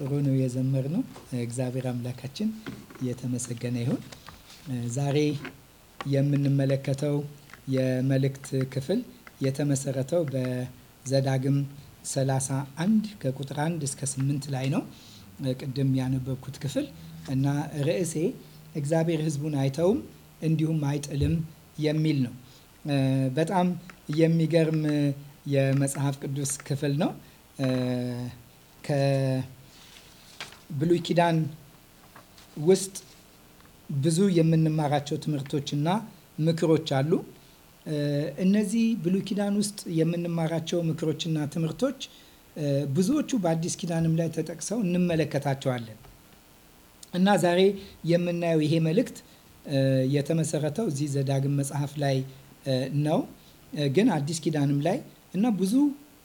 ጥሩ ነው የዘመርነው። እግዚአብሔር አምላካችን የተመሰገነ ይሁን። ዛሬ የምንመለከተው የመልእክት ክፍል የተመሰረተው በዘዳግም 31 ከቁጥር 1 እስከ 8 ላይ ነው። ቅድም ያነበብኩት ክፍል እና ርዕሴ እግዚአብሔር ሕዝቡን አይተውም እንዲሁም አይጥልም የሚል ነው። በጣም የሚገርም የመጽሐፍ ቅዱስ ክፍል ነው። ብሉይ ኪዳን ውስጥ ብዙ የምንማራቸው ትምህርቶችና ምክሮች አሉ። እነዚህ ብሉይ ኪዳን ውስጥ የምንማራቸው ምክሮችና ትምህርቶች ብዙዎቹ በአዲስ ኪዳንም ላይ ተጠቅሰው እንመለከታቸዋለን እና ዛሬ የምናየው ይሄ መልእክት የተመሰረተው እዚህ ዘዳግም መጽሐፍ ላይ ነው። ግን አዲስ ኪዳንም ላይ እና ብዙ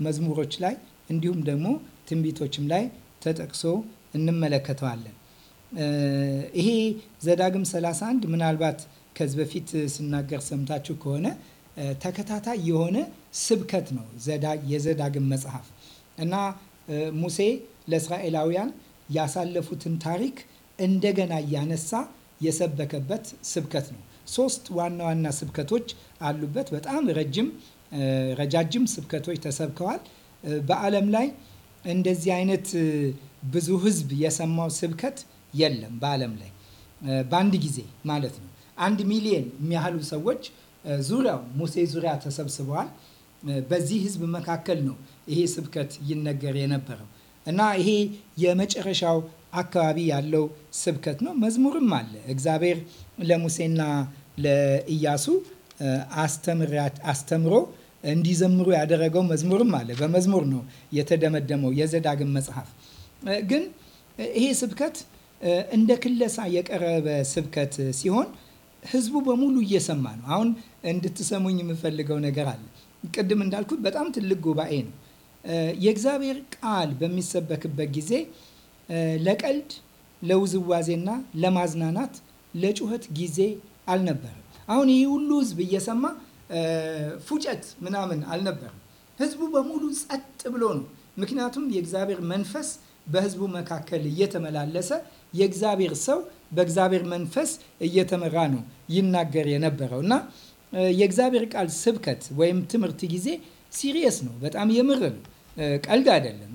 መዝሙሮች ላይ እንዲሁም ደግሞ ትንቢቶችም ላይ ተጠቅሶ እንመለከተዋለን። ይሄ ዘዳግም 31 ምናልባት ከዚህ በፊት ስናገር ሰምታችሁ ከሆነ ተከታታይ የሆነ ስብከት ነው የዘዳግም መጽሐፍ እና ሙሴ ለእስራኤላውያን ያሳለፉትን ታሪክ እንደገና እያነሳ የሰበከበት ስብከት ነው። ሶስት ዋና ዋና ስብከቶች አሉበት። በጣም ረጅም ረጃጅም ስብከቶች ተሰብከዋል በዓለም ላይ እንደዚህ አይነት ብዙ ህዝብ የሰማው ስብከት የለም በዓለም ላይ በአንድ ጊዜ ማለት ነው። አንድ ሚሊየን የሚያህሉ ሰዎች ዙሪያው ሙሴ ዙሪያ ተሰብስበዋል። በዚህ ህዝብ መካከል ነው ይሄ ስብከት ይነገር የነበረው እና ይሄ የመጨረሻው አካባቢ ያለው ስብከት ነው። መዝሙርም አለ። እግዚአብሔር ለሙሴና ለኢያሱ አስተምሮ እንዲዘምሩ ያደረገው መዝሙርም አለ። በመዝሙር ነው የተደመደመው የዘዳግም መጽሐፍ። ግን ይሄ ስብከት እንደ ክለሳ የቀረበ ስብከት ሲሆን ህዝቡ በሙሉ እየሰማ ነው። አሁን እንድትሰሙኝ የምፈልገው ነገር አለ። ቅድም እንዳልኩት በጣም ትልቅ ጉባኤ ነው። የእግዚአብሔር ቃል በሚሰበክበት ጊዜ ለቀልድ፣ ለውዝዋዜና ለማዝናናት፣ ለጩኸት ጊዜ አልነበረም። አሁን ይህ ሁሉ ህዝብ እየሰማ ፉጨት ምናምን አልነበረም ህዝቡ በሙሉ ጸጥ ብሎ ነው። ምክንያቱም የእግዚአብሔር መንፈስ በህዝቡ መካከል እየተመላለሰ የእግዚአብሔር ሰው በእግዚአብሔር መንፈስ እየተመራ ነው ይናገር የነበረው እና የእግዚአብሔር ቃል ስብከት ወይም ትምህርት ጊዜ ሲሪየስ ነው። በጣም የምር ነው። ቀልድ አይደለም።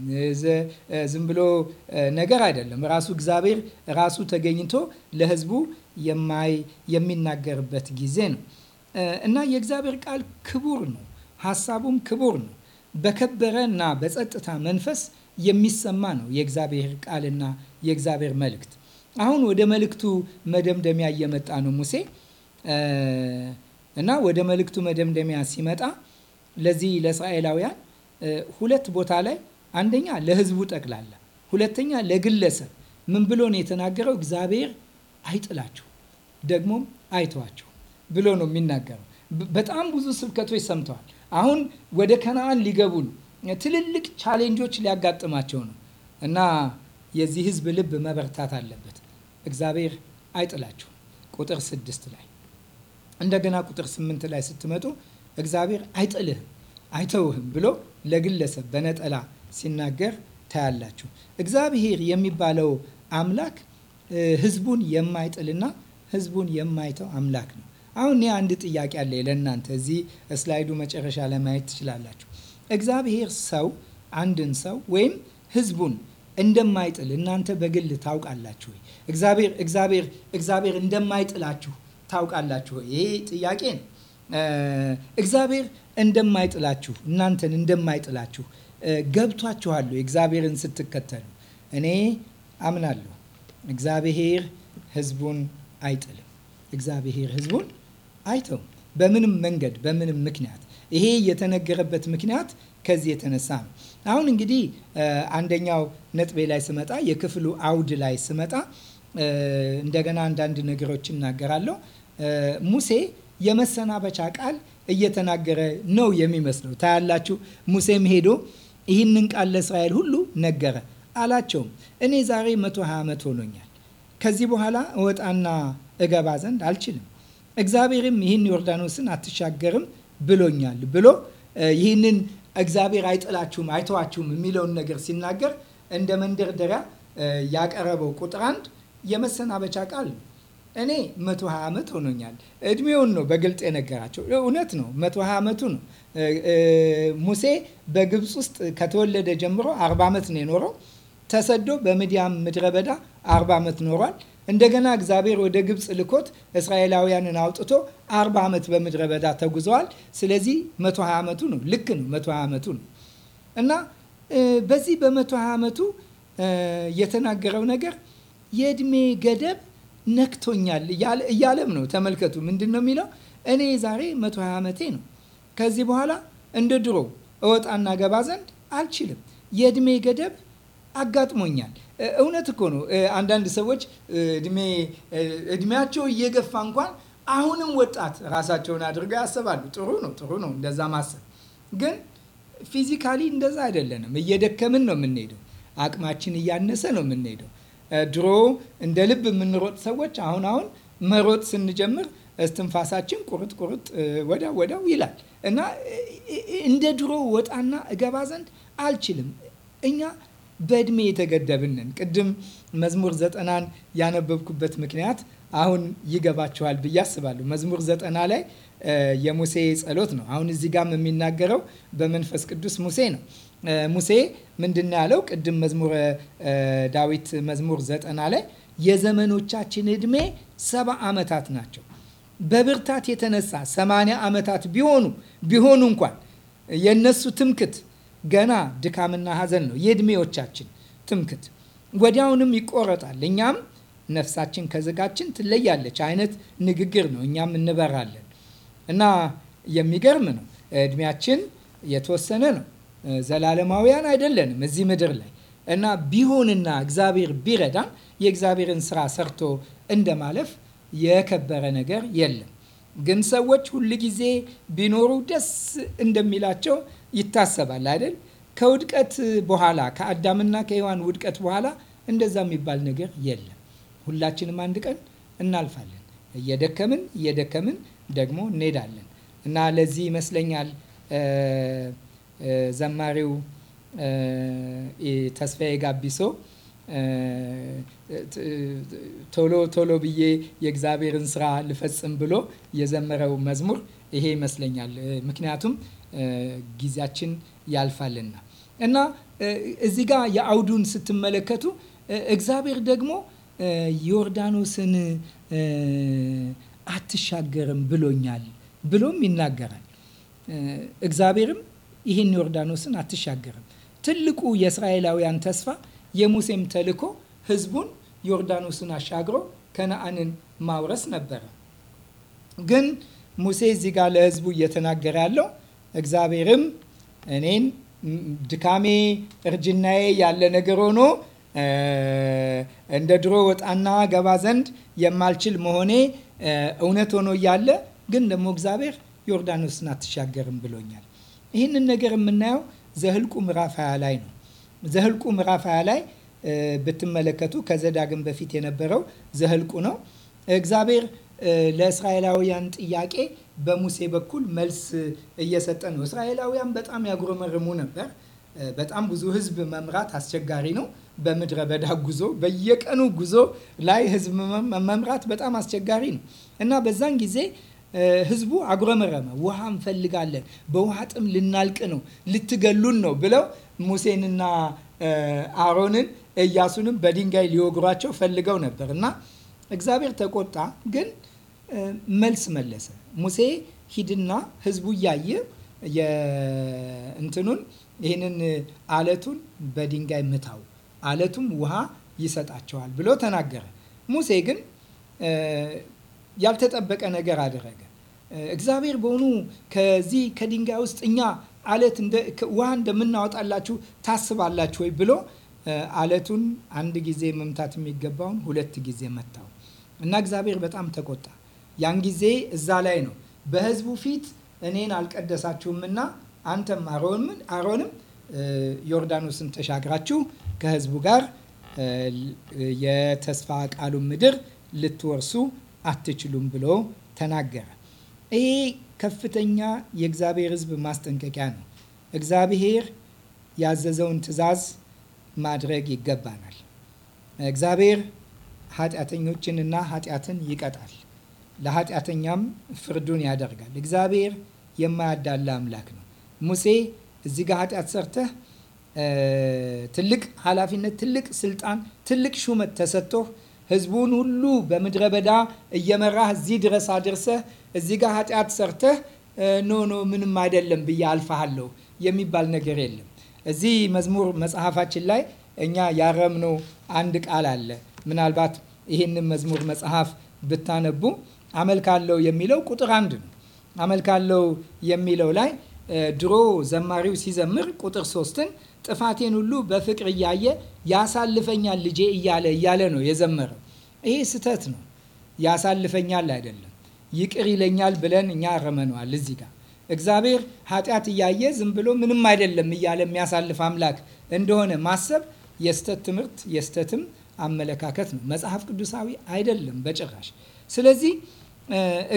ዝም ብሎ ነገር አይደለም። ራሱ እግዚአብሔር ራሱ ተገኝቶ ለህዝቡ የሚናገርበት ጊዜ ነው። እና የእግዚአብሔር ቃል ክቡር ነው፣ ሀሳቡም ክቡር ነው። በከበረ እና በጸጥታ መንፈስ የሚሰማ ነው የእግዚአብሔር ቃልና የእግዚአብሔር መልእክት። አሁን ወደ መልእክቱ መደምደሚያ እየመጣ ነው ሙሴ እና ወደ መልእክቱ መደምደሚያ ሲመጣ ለዚህ ለእስራኤላውያን ሁለት ቦታ ላይ አንደኛ ለህዝቡ ጠቅላላ፣ ሁለተኛ ለግለሰብ ምን ብሎ ነው የተናገረው? እግዚአብሔር አይጥላችሁ ደግሞም አይተዋችሁ ብሎ ነው የሚናገረው። በጣም ብዙ ስብከቶች ሰምተዋል። አሁን ወደ ከነአን ሊገቡ ነው። ትልልቅ ቻሌንጆች ሊያጋጥማቸው ነው እና የዚህ ህዝብ ልብ መበርታት አለበት። እግዚአብሔር አይጥላችሁም። ቁጥር ስድስት ላይ እንደገና ቁጥር ስምንት ላይ ስትመጡ እግዚአብሔር አይጥልህም አይተውህም ብሎ ለግለሰብ በነጠላ ሲናገር ታያላችሁ። እግዚአብሔር የሚባለው አምላክ ህዝቡን የማይጥልና ህዝቡን የማይተው አምላክ ነው። አሁን እኔ አንድ ጥያቄ አለ ለእናንተ እዚህ ስላይዱ መጨረሻ ላይ ማየት ትችላላችሁ። እግዚአብሔር ሰው አንድን ሰው ወይም ህዝቡን እንደማይጥል እናንተ በግል ታውቃላችሁ ወይ? እግዚአብሔር እግዚአብሔር እግዚአብሔር እንደማይጥላችሁ ታውቃላችሁ ወይ? ይሄ ጥያቄ ነው። እግዚአብሔር እንደማይጥላችሁ እናንተን እንደማይጥላችሁ ገብቷችኋሉ? እግዚአብሔርን ስትከተሉ እኔ አምናለሁ። እግዚአብሔር ህዝቡን አይጥልም። እግዚአብሔር ህዝቡን አይተውም። በምንም መንገድ በምንም ምክንያት ይሄ የተነገረበት ምክንያት ከዚህ የተነሳ ነው። አሁን እንግዲህ አንደኛው ነጥቤ ላይ ስመጣ፣ የክፍሉ አውድ ላይ ስመጣ እንደገና አንዳንድ ነገሮች እናገራለሁ። ሙሴ የመሰናበቻ ቃል እየተናገረ ነው የሚመስለው። ታያላችሁ። ሙሴም ሄዶ ይህንን ቃል ለእስራኤል ሁሉ ነገረ። አላቸውም እኔ ዛሬ 120 ዓመት ሆኖኛል። ከዚህ በኋላ እወጣና እገባ ዘንድ አልችልም እግዚአብሔርም ይህን ዮርዳኖስን አትሻገርም ብሎኛል ብሎ ይህንን እግዚአብሔር አይጥላችሁም አይተዋችሁም የሚለውን ነገር ሲናገር እንደ መንደርደሪያ ያቀረበው ቁጥር አንድ የመሰናበቻ ቃል ነው። እኔ 120 ዓመት ሆኖኛል። እድሜውን ነው በግልጽ የነገራቸው። እውነት ነው፣ 120 ዓመቱ ነው። ሙሴ በግብፅ ውስጥ ከተወለደ ጀምሮ 40 ዓመት ነው የኖረው። ተሰዶ በምድያም ምድረ በዳ 40 ዓመት ኖሯል። እንደገና እግዚአብሔር ወደ ግብፅ ልኮት እስራኤላውያንን አውጥቶ አርባ ዓመት በምድረ በዳ ተጉዘዋል። ስለዚህ 120 ዓመቱ ነው። ልክ ነው፣ 120 ዓመቱ ነው እና በዚህ በ120 ዓመቱ የተናገረው ነገር የእድሜ ገደብ ነክቶኛል እያለም ነው። ተመልከቱ፣ ምንድን ነው የሚለው? እኔ ዛሬ 120 ዓመቴ ነው። ከዚህ በኋላ እንደ ድሮ እወጣና ገባ ዘንድ አልችልም። የእድሜ ገደብ አጋጥሞኛል። እውነት እኮ ነው። አንዳንድ ሰዎች እድሜያቸው እየገፋ እንኳን አሁንም ወጣት ራሳቸውን አድርገው ያስባሉ። ጥሩ ነው፣ ጥሩ ነው እንደዛ ማሰብ። ግን ፊዚካሊ እንደዛ አይደለንም። እየደከምን ነው የምንሄደው። አቅማችን እያነሰ ነው የምንሄደው። ድሮ እንደ ልብ የምንሮጥ ሰዎች አሁን አሁን መሮጥ ስንጀምር እስትንፋሳችን ቁርጥ ቁርጥ ወዳው ወዳው ይላል እና እንደ ድሮ ወጣና እገባ ዘንድ አልችልም እኛ በእድሜ የተገደብንን ቅድም መዝሙር ዘጠናን ያነበብኩበት ምክንያት አሁን ይገባችኋል ብዬ አስባለሁ። መዝሙር ዘጠና ላይ የሙሴ ጸሎት ነው። አሁን እዚህ ጋም የሚናገረው በመንፈስ ቅዱስ ሙሴ ነው። ሙሴ ምንድን ያለው? ቅድም መዝሙረ ዳዊት መዝሙር ዘጠና ላይ የዘመኖቻችን እድሜ ሰባ ዓመታት ናቸው። በብርታት የተነሳ ሰማንያ ዓመታት ቢሆኑ ቢሆኑ እንኳን የነሱ ትምክት ገና ድካምና ሐዘን ነው የእድሜዎቻችን ትምክት። ወዲያውንም ይቆረጣል። እኛም ነፍሳችን ከዝጋችን ትለያለች አይነት ንግግር ነው። እኛም እንበራለን እና የሚገርም ነው። እድሜያችን የተወሰነ ነው። ዘላለማውያን አይደለንም እዚህ ምድር ላይ እና ቢሆንና እግዚአብሔር ቢረዳን የእግዚአብሔርን ስራ ሰርቶ እንደማለፍ የከበረ ነገር የለም። ግን ሰዎች ሁልጊዜ ቢኖሩ ደስ እንደሚላቸው ይታሰባል አይደል? ከውድቀት በኋላ ከአዳምና ከሔዋን ውድቀት በኋላ እንደዛ የሚባል ነገር የለም። ሁላችንም አንድ ቀን እናልፋለን። እየደከምን እየደከምን ደግሞ እንሄዳለን እና ለዚህ ይመስለኛል ዘማሪው ተስፋዬ ጋቢሶ ቶሎ ቶሎ ብዬ የእግዚአብሔርን ስራ ልፈጽም ብሎ የዘመረው መዝሙር ይሄ ይመስለኛል። ምክንያቱም ጊዜያችን ያልፋልና እና እዚህ ጋ የአውዱን ስትመለከቱ እግዚአብሔር ደግሞ ዮርዳኖስን አትሻገርም ብሎኛል ብሎም ይናገራል። እግዚአብሔርም ይህን ዮርዳኖስን አትሻገርም። ትልቁ የእስራኤላውያን ተስፋ የሙሴም ተልእኮ ህዝቡን ዮርዳኖስን አሻግሮ ከነአንን ማውረስ ነበረ። ግን ሙሴ እዚህ ጋር ለህዝቡ እየተናገረ ያለው እግዚአብሔርም እኔን ድካሜ፣ እርጅናዬ ያለ ነገር ሆኖ እንደ ድሮ ወጣና ገባ ዘንድ የማልችል መሆኔ እውነት ሆኖ እያለ ግን ደግሞ እግዚአብሔር ዮርዳኖስን አትሻገርም ብሎኛል። ይህንን ነገር የምናየው ዘህልቁ ምዕራፍ 20 ላይ ነው። ዘህልቁ ምዕራፍ 20 ላይ ብትመለከቱ ከዘዳግም በፊት የነበረው ዘህልቁ ነው። እግዚአብሔር ለእስራኤላውያን ጥያቄ በሙሴ በኩል መልስ እየሰጠ ነው። እስራኤላውያን በጣም ያጉረመርሙ ነበር። በጣም ብዙ ህዝብ መምራት አስቸጋሪ ነው። በምድረ በዳ ጉዞ፣ በየቀኑ ጉዞ ላይ ህዝብ መምራት በጣም አስቸጋሪ ነው እና በዛን ጊዜ ህዝቡ አጉረመረመ። ውሃ እንፈልጋለን፣ በውሃ ጥም ልናልቅ ነው፣ ልትገሉን ነው ብለው ሙሴንና አሮንን እያሱንም በድንጋይ ሊወግሯቸው ፈልገው ነበር እና እግዚአብሔር ተቆጣ ግን መልስ መለሰ። ሙሴ ሂድና ህዝቡ እያየ የእንትኑን ይህንን አለቱን በድንጋይ ምታው፣ አለቱም ውሃ ይሰጣቸዋል ብሎ ተናገረ። ሙሴ ግን ያልተጠበቀ ነገር አደረገ። እግዚአብሔር በሆኑ ከዚህ ከድንጋይ ውስጥ እኛ አለት ውሃ እንደምናወጣላችሁ ታስባላችሁ ወይ ብሎ አለቱን አንድ ጊዜ መምታት የሚገባውን ሁለት ጊዜ መታው እና እግዚአብሔር በጣም ተቆጣ። ያን ጊዜ እዛ ላይ ነው በህዝቡ ፊት እኔን አልቀደሳችሁምና አንተም አሮንም ዮርዳኖስን ተሻግራችሁ ከህዝቡ ጋር የተስፋ ቃሉን ምድር ልትወርሱ አትችሉም ብሎ ተናገረ። ይሄ ከፍተኛ የእግዚአብሔር ህዝብ ማስጠንቀቂያ ነው። እግዚአብሔር ያዘዘውን ትእዛዝ ማድረግ ይገባናል። እግዚአብሔር ኃጢአተኞችንና ኃጢአትን ይቀጣል። ለኃጢአተኛም ፍርዱን ያደርጋል። እግዚአብሔር የማያዳላ አምላክ ነው። ሙሴ እዚህ ጋር ኃጢአት ሰርተህ ትልቅ ኃላፊነት፣ ትልቅ ስልጣን፣ ትልቅ ሹመት ተሰጥቶህ ህዝቡን ሁሉ በምድረ በዳ እየመራህ እዚህ ድረስ አድርሰህ እዚህ ጋር ኃጢአት ሰርተህ ኖ ኖ ምንም አይደለም ብዬ አልፋሃለሁ የሚባል ነገር የለም። እዚህ መዝሙር መጽሐፋችን ላይ እኛ ያረምነው አንድ ቃል አለ። ምናልባት ይህንን መዝሙር መጽሐፍ ብታነቡ አመልካለው የሚለው ቁጥር አንድ ነው። አመልካለው የሚለው ላይ ድሮ ዘማሪው ሲዘምር ቁጥር ሶስትን ጥፋቴን ሁሉ በፍቅር እያየ ያሳልፈኛል ልጄ እያለ እያለ ነው የዘመረው። ይሄ ስህተት ነው። ያሳልፈኛል አይደለም፣ ይቅር ይለኛል ብለን እኛ ረመነዋል እዚህ ጋር እግዚአብሔር ኃጢአት እያየ ዝም ብሎ ምንም አይደለም እያለ የሚያሳልፍ አምላክ እንደሆነ ማሰብ የስተት ትምህርት የስተትም አመለካከት ነው። መጽሐፍ ቅዱሳዊ አይደለም በጭራሽ። ስለዚህ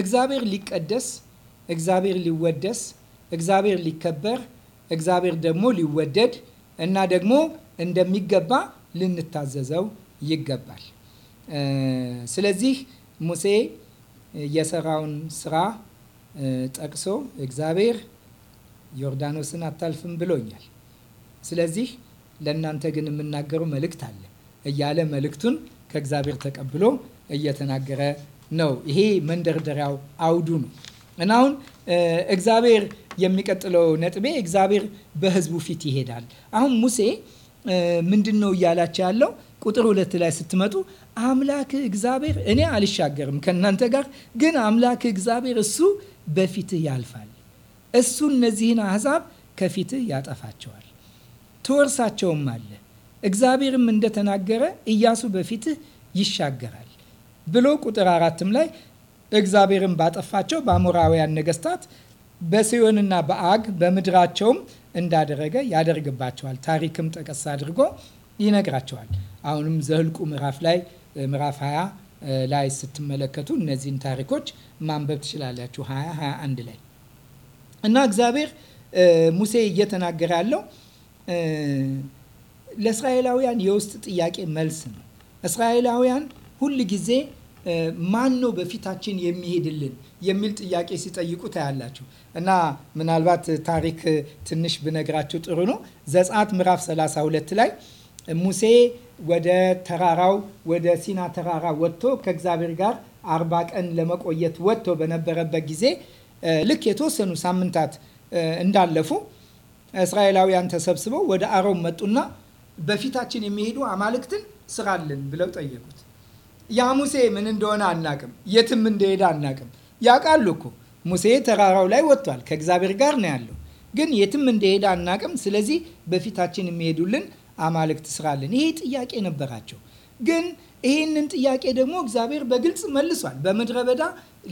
እግዚአብሔር ሊቀደስ፣ እግዚአብሔር ሊወደስ፣ እግዚአብሔር ሊከበር፣ እግዚአብሔር ደግሞ ሊወደድ እና ደግሞ እንደሚገባ ልንታዘዘው ይገባል። ስለዚህ ሙሴ የሰራውን ስራ ጠቅሶ እግዚአብሔር ዮርዳኖስን አታልፍም ብሎኛል፣ ስለዚህ ለእናንተ ግን የምናገረው መልእክት አለ እያለ መልእክቱን ከእግዚአብሔር ተቀብሎ እየተናገረ ነው። ይሄ መንደርደሪያው አውዱ ነው እና አሁን እግዚአብሔር የሚቀጥለው ነጥቤ እግዚአብሔር በህዝቡ ፊት ይሄዳል። አሁን ሙሴ ምንድን ነው እያላቸው ያለው? ቁጥር ሁለት ላይ ስትመጡ አምላክ እግዚአብሔር እኔ አልሻገርም ከእናንተ ጋር ግን አምላክ እግዚአብሔር እሱ በፊትህ ያልፋል፣ እሱ እነዚህን አህዛብ ከፊትህ ያጠፋቸዋል፣ ትወርሳቸውም አለ እግዚአብሔርም እንደተናገረ እያሱ በፊትህ ይሻገራል ብሎ ቁጥር አራትም ላይ እግዚአብሔርን ባጠፋቸው በአሞራውያን ነገስታት በሲዮንና በአግ በምድራቸውም እንዳደረገ ያደርግባቸዋል። ታሪክም ጠቀስ አድርጎ ይነግራቸዋል። አሁንም ዘህልቁ ምዕራፍ ላይ ምዕራፍ 20 ላይ ስትመለከቱ እነዚህን ታሪኮች ማንበብ ትችላላችሁ። 20 21 ላይ እና እግዚአብሔር ሙሴ እየተናገረ ያለው ለእስራኤላውያን የውስጥ ጥያቄ መልስ ነው። እስራኤላውያን ሁል ጊዜ ማን ነው በፊታችን የሚሄድልን የሚል ጥያቄ ሲጠይቁ ታያላችሁ። እና ምናልባት ታሪክ ትንሽ ብነግራችሁ ጥሩ ነው። ዘጸአት ምዕራፍ 32 ላይ ሙሴ ወደ ተራራው ወደ ሲና ተራራ ወጥቶ ከእግዚአብሔር ጋር አርባ ቀን ለመቆየት ወጥቶ በነበረበት ጊዜ ልክ የተወሰኑ ሳምንታት እንዳለፉ እስራኤላውያን ተሰብስበው ወደ አሮን መጡና በፊታችን የሚሄዱ አማልክትን ስራልን ብለው ጠየቁት። ያሙሴ ምን እንደሆነ አናቅም፣ የትም እንደሄደ አናቅም። ያውቃሉ እኮ ሙሴ ተራራው ላይ ወጥቷል፣ ከእግዚአብሔር ጋር ነው ያለው። ግን የትም እንደሄደ አናቅም። ስለዚህ በፊታችን የሚሄዱልን አማልክት ስራልን። ይሄ ጥያቄ ነበራቸው። ግን ይህንን ጥያቄ ደግሞ እግዚአብሔር በግልጽ መልሷል። በምድረ በዳ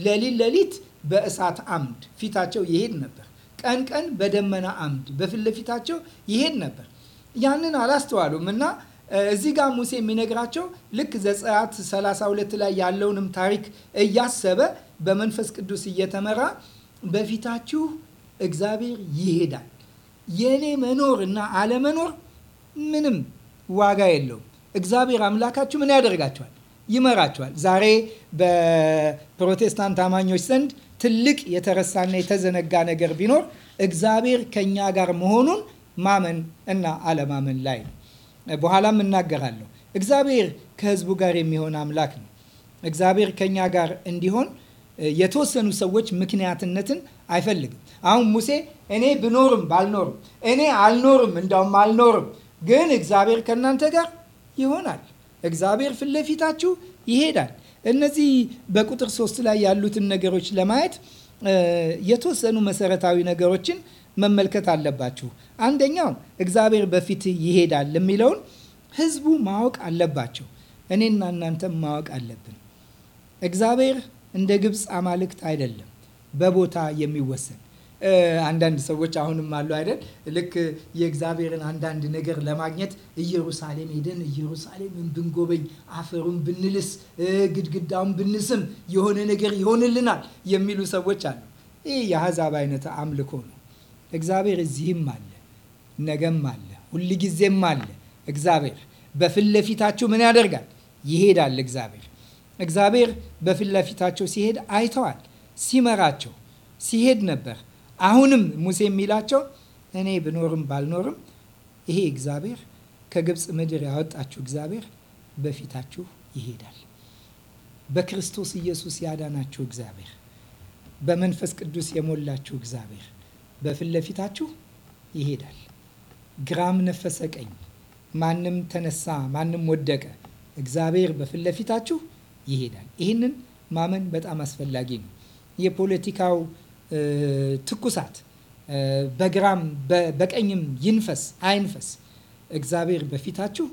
ሌሊት ሌሊት በእሳት አምድ ፊታቸው ይሄድ ነበር። ቀን ቀን በደመና አምድ በፊት ለፊታቸው ይሄድ ነበር። ያንን አላስተዋሉም እና እዚህ ጋር ሙሴ የሚነግራቸው ልክ ዘጸአት 32 ላይ ያለውንም ታሪክ እያሰበ በመንፈስ ቅዱስ እየተመራ በፊታችሁ እግዚአብሔር ይሄዳል። የእኔ መኖር እና አለመኖር ምንም ዋጋ የለውም። እግዚአብሔር አምላካችሁ ምን ያደርጋችኋል? ይመራችኋል። ዛሬ በፕሮቴስታንት አማኞች ዘንድ ትልቅ የተረሳና የተዘነጋ ነገር ቢኖር እግዚአብሔር ከእኛ ጋር መሆኑን ማመን እና አለማመን ላይ ነው። በኋላም እናገራለሁ። እግዚአብሔር ከህዝቡ ጋር የሚሆን አምላክ ነው። እግዚአብሔር ከእኛ ጋር እንዲሆን የተወሰኑ ሰዎች ምክንያትነትን አይፈልግም። አሁን ሙሴ እኔ ብኖርም ባልኖርም፣ እኔ አልኖርም እንዳውም አልኖርም፣ ግን እግዚአብሔር ከእናንተ ጋር ይሆናል፣ እግዚአብሔር ፊት ለፊታችሁ ይሄዳል። እነዚህ በቁጥር ሶስት ላይ ያሉትን ነገሮች ለማየት የተወሰኑ መሰረታዊ ነገሮችን መመልከት አለባችሁ። አንደኛው እግዚአብሔር በፊት ይሄዳል የሚለውን ህዝቡ ማወቅ አለባቸው። እኔና እናንተም ማወቅ አለብን። እግዚአብሔር እንደ ግብፅ አማልክት አይደለም በቦታ የሚወሰን አንዳንድ ሰዎች አሁንም አሉ አይደል? ልክ የእግዚአብሔርን አንዳንድ ነገር ለማግኘት ኢየሩሳሌም ሄደን ኢየሩሳሌምን ብንጎበኝ፣ አፈሩን ብንልስ፣ ግድግዳውን ብንስም የሆነ ነገር ይሆንልናል የሚሉ ሰዎች አሉ። ይህ የአሕዛብ አይነት አምልኮ ነው። እግዚአብሔር እዚህም አለ። ነገም አለ፣ ጊዜም አለ። እግዚአብሔር በፊት ለፊታችሁ ምን ያደርጋል? ይሄዳል። እግዚአብሔር እግዚአብሔር በፊት ለፊታቸው ሲሄድ አይተዋል። ሲመራቸው ሲሄድ ነበር። አሁንም ሙሴ የሚላቸው እኔ ብኖርም ባልኖርም ይሄ እግዚአብሔር ከግብፅ ምድር ያወጣችሁ እግዚአብሔር በፊታችሁ ይሄዳል። በክርስቶስ ኢየሱስ ያዳናችሁ እግዚአብሔር፣ በመንፈስ ቅዱስ የሞላችሁ እግዚአብሔር በፊት ለፊታችሁ ይሄዳል። ግራም ነፈሰ ቀኝ፣ ማንም ተነሳ፣ ማንም ወደቀ፣ እግዚአብሔር በፊት ለፊታችሁ ይሄዳል። ይህንን ማመን በጣም አስፈላጊ ነው። የፖለቲካው ትኩሳት በግራም በቀኝም ይንፈስ አይንፈስ፣ እግዚአብሔር በፊታችሁ